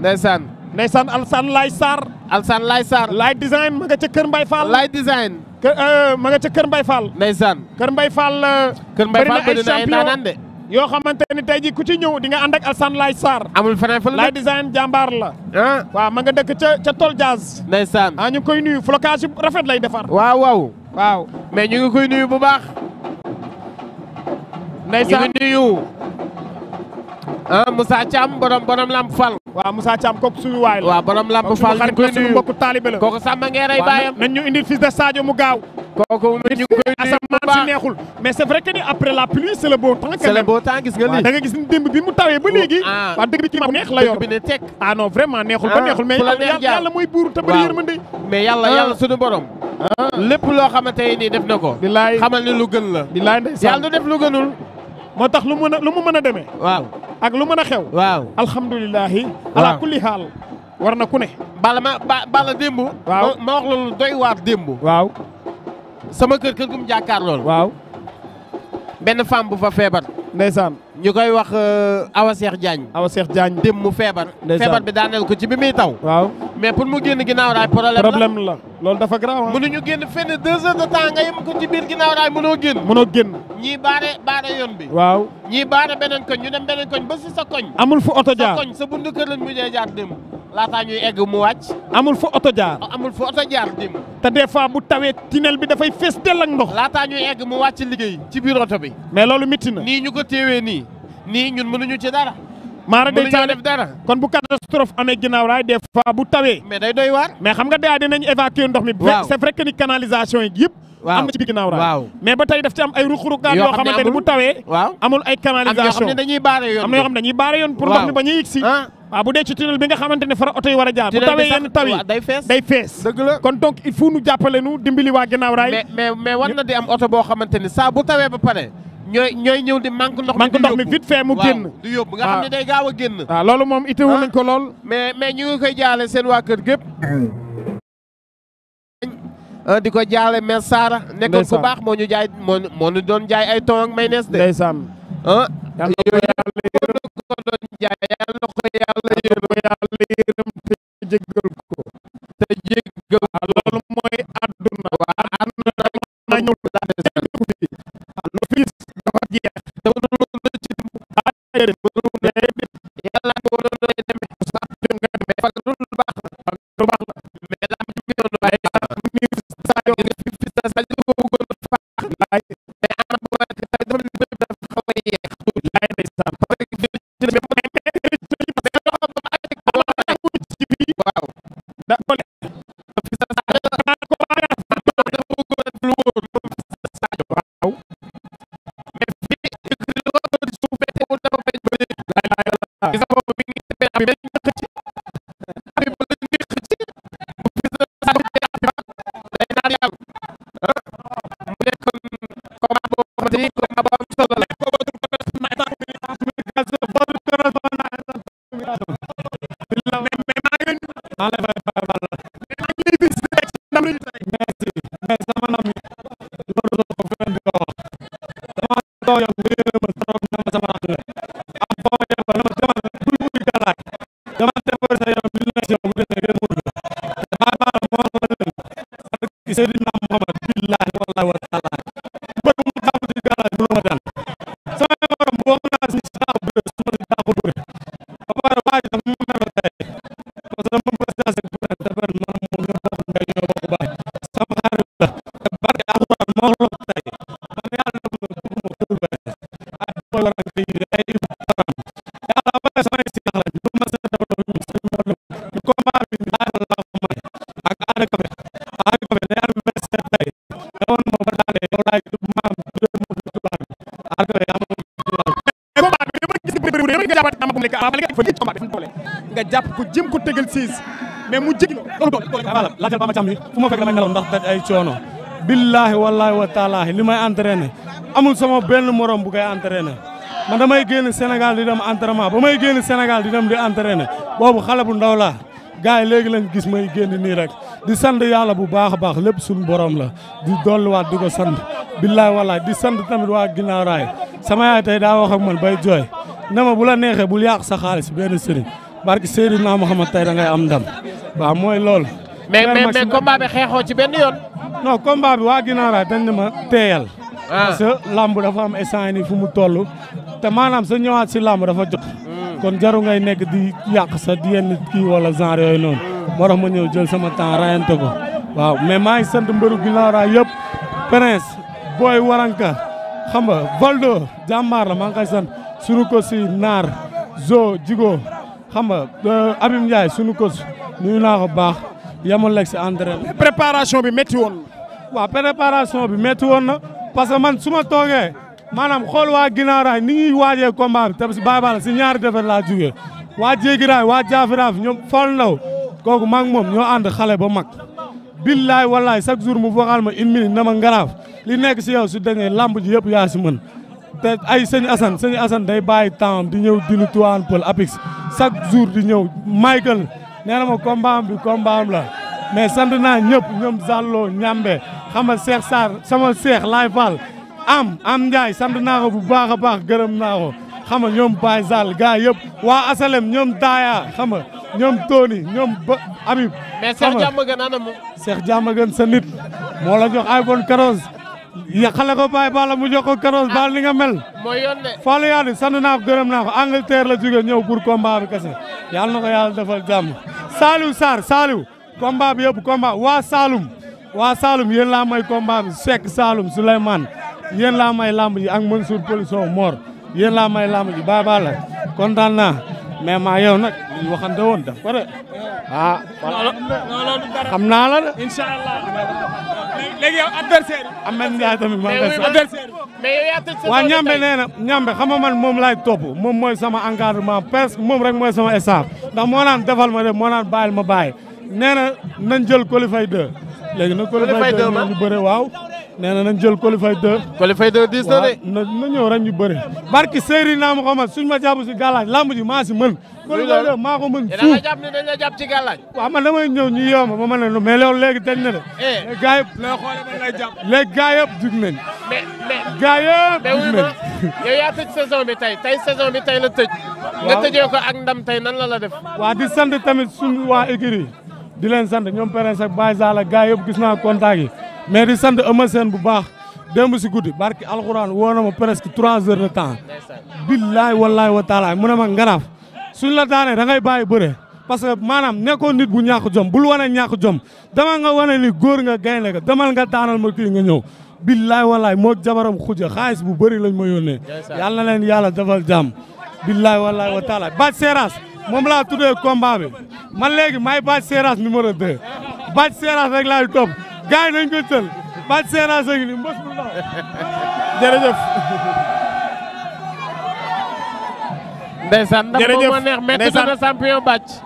ndeysaan ndeysaan Alsaan Laay Sarr Alsaan Laay Sarr Laay design ma nga ca Kër Mbay Fall Laay design euh, ma nga ca Kër Mbay Fall ndeysaan Kër Mbay euh, Mbay Fall bëri na ay naanaan de yoo xamante ni tey jii ku ci ñëw di nga ànd ak Alsaan Laay Sarr amul feneen fu la design jàmbaar la ah waaw ma nga dëkk ca ca Tol Jazz ndeysaan ah ñu koy nuyu flocage yu rafet lay defar waaw waaw waaw ñu ngi koy nuyu bu baax ndeysaan ñu ngi nuyu ah Moussa Thiam borom Lamp Fall waaw Moussa Thiam kooku suñu waay la. waaw borom lamb Fall ñu koy suñu mbokku taalibe la. kooku sàmm ngeen rey baayam. nañ ñu de Sadio mu gaaw. kooku ñu koy asamaan si neexul. mais c' que ni après la pluie c' est le beau temps. c' est le beau temps gis nga lii da nga gis ni démb bi mu tawee ba léegi. Ah. waaw la yor ah ah, buur te bëri yërmande. mais yàlla yàlla suñu borom. lépp loo xamante ni def na ko. bilaay xamal ni lu gën la. bilaay ndeysaan yàlla du def lu gënul. moo tax lu mu mën a lu mu mën a demee. waaw ak lu mën a xew. waaw alhamdulilahi. waaw kulli xaal war na ku ne. bala ma bala démb. waaw ma wax loolu doy waar démb. waaw. sama kër kër gu mu waaw benn femme bu fa feebar. ndeysaan ñu koy wax euh, Awa Cheikh Diagne. Awa Cheikh Diagne dem mu feebar. feebar bi daaneel ko ci bi muy taw. waaw mais pour mu génn ginnaaw raay problème la problème la loolu dafa grave. mënuñu génn fenn deux heures de temps ko ci biir ginnaaw raay mënoo génn. mënoo génn. ñii baare baare yoon bi. waaw ñii baare beneen koñ ñu dem beneen koñ ba si sa koñ. amul fu oto jaar sa koñ sa bundu kër lañ mujjee jaar dem. laataa ñuy egg mu wàcc. amul fa oto jaar oh, amul fa oto jaar dim te des fois bu tawee tunnel bi dafay fees dell ak ndox. laataa ñuy egg mu wàcc liggéey ci biir oto bi. mais loolu métti na. nii ñu ko téewee nii nii ñun mënuñu ci dara. maara day taal def dara kon bu catastrophe amee ginnaaw raay des fois bu tawee. mais day doy waar. mais xam nga daa dinañ évacuer ndox mi. waaw c'est vrai ni canalisation yi yëpp. am na ci biir ginnaaw raay mais ba tey daf ci am ay ruq-ruqaan yoo xamante ni bu tawee waaw amul ay canalisation am na yoo xam ne dañuy baare yoon pour ndox mi ba ñuy yëg si ah. bu dee ci tunnel bi nga xamante ne fara oto yi war a jaar bu tawee yenn taw yi day fees dëgg la kon donc il faut nu jàppale nu dimbali waa ginnaaw mais war na di am oto boo xamante saa bu tawee ba pare ñooy ñëw di manque ndox mi manque ndox mi vite fait mu génn du yóbbu nga xam ah. ne day gaaw a génn ah, loolu moom itewu ko lool mais mais ñu ngi koy jaale seen waa Euh, di ko jaale mère Sara nekkoon ku baax moo ñu jaay moo moo ñu doon jaay ay ton ak maynees de Sadio nga fi fi Sadio ko bëggoon a faax laay mais ana bu nga ci dafa ni bëri dafa xaw a yeex laay ndeysaan parce que ci la mais Is that what we need to be? Gracias. nga jàpp ko jëm ko mais mu jig laajal ba ma cam bi fu ma fekk damay nelaw ndax daj ay coono billaahi wallaahi wa taalaahi li may entraîné amul sama benn morom bu koy entraîné man damay génn Sénégal di dem entraînement ba may génn Sénégal di dem di entraîné boobu xale bu ndaw laa gars yi léegi lañ gis may génn nii rek di sant yàlla bu baax a baax lépp suñu borom la di dolliwaat di ko sant billaay wallaay di sant tamit waa ginnaaw raay sama yaay tey daa wax ak man bay jooy ne ma bu la neexee bul yàq sa xaalis benn sëriñ barki Seydina Muhammad tey da ngay am ndam waaw mooy loolu. mais mais mais combat bi xeexoo ci benn yoon. non combat waa ginnaaw raay dañ ne ma teeyal. Ah. parce que làmb dafa am essence ni fu mu toll. te maanaam sa ñëwaat si làmb dafa jot. Hmm. kon jaru ngay nekk di yàq sa yenn kii wala genre yooyu noonu. moo tax ma ñëw jël sama temps rayante ko waaw mais maa ngi sant mbëru Guinaw Rail yëpp Prince Boy Waranka xam nga Valdo jàmbaar la maa ngi sant sunu ko si naar zo jigo xam nga euh, Abim Ndiaye sunu ko nuyu naa ko baax yamul lekk si entraînement préparation bi métti woon waaw préparation bi métti woon na parce que man su ma toogee maanaam xool waa Guinaw Rail ni ñuy waajee combat bi si bàyyi si ñaari defet laa waa Jéegi waa Jaafiraaf ñoom fol ndaw kooku maak moom ñoo ànd xale ba mag billaay wallaay chaque jour mu waxal ma une minute na ma ngaraaf li nekk si yow su dañee lamb yëpp yaa si mën te ay sëñ Assane sëñ Assane day bàyyi temps di ñëw dinu tuwaan pël apix chaque jour di ñëw Michael nee na bi kombaam la mais sant naa ñëpp ñoom Zallo ñambe xama Cheikh Sarr sama Cheikh Laay Fall am am Ndiaye sant naa ko bu baax a baax gërëm naa ko xama ñoom Baye Zall gars yëpp waa asalem ñoom daaya xama ñoom Tony ñoom ba Habib. mais Cheikh Diamaguène ana mu. Cheikh Diamaguène sa nit moo la jox iPhone 14 yàqale ko Baye Balla mu jox ko 14 daal li nga mel. mooy yoon de. Fallou Yadi sant gërëm naa ko la jógee ñëw pour combat bi kese yàlla na ko yàlla defal jàmm. Saliou Sarr Saliou combat bi yëpp combat waa Saloum waa Saloum yéen laa may combat bi Seck Saloum Souleymane yéen laa may lamb ji ak Mansour Polisson Mor yéen laa may lamb ji Baye Balla kontaan naa. mais maa yow nag li ñu waxante woon daf ko de ah. naa la de. incha allah léegi yow adversaire yi. Ahmed Ndiaye tamit maa ngi waa ñambe nee ñambe xam man moom laay topp moom mooy sama encadrement presque moom rek mooy sama staff ndax moo naan defal ma de moo naan bàyyil ma bàyyi nee na nañ jël qualifier 2. léegi nag qualifier 2 ñu bëre waaw. nee na nañ jël qualifié 2. qualifié 2 10 na na ñëw rek ñu bëri. barki Seydou naa ma ko man suñ ma jàpp si gàllaaj lamb ji maa si mën. qualifié 2 maa ko mën suuf yéen a jàpp ne dañ la jàpp ci damay ñëw ñu yomb ba ma ne mais loolu léegi dañ na de. Eh. les gars yëpp looy xoolee ba lay jàpp. les gars yëpp jug nañ. mais mais gars yaa tëj saison bi tey tey saison bi tey la tëj. waaw nga ko ak ndam tey nan la la def. waa di sant tamit suñu waa écurie di leen sant ñoom Pérez sa Baye Sall ak gars yëpp gis naa contact yi mais di sant Eumeu Sène bu baax démb si guddi barki alxuraan woo na ma presque trois heures de temps. billaay wallaay wa taalaay mu ne ma ngaraaf suñ la daanee da ngay bàyyi bëre parce que maanaam nekkoon nit bu ñàkk jom bul wane ñàkk jom dama nga wane ni góor nga gaynde nga demal nga daanal ma kii nga ñëw. billaay wallaay moo jabaram xuja xaalis bu bëri lañ ma yónnee. yàlla na leen yàlla defal jàmm. billaay wallaay wa taalaay Bathie Seras moom laa tuddee combat bi man léegi may Bathie Seras numéro 2 Bathie Seras rek laay topp. gars yi nañ ko tël bàcc séeraas a ngi ni mbës bu ndaw jërëjëf ndeysaan ndax moo neex métti na champion bàcc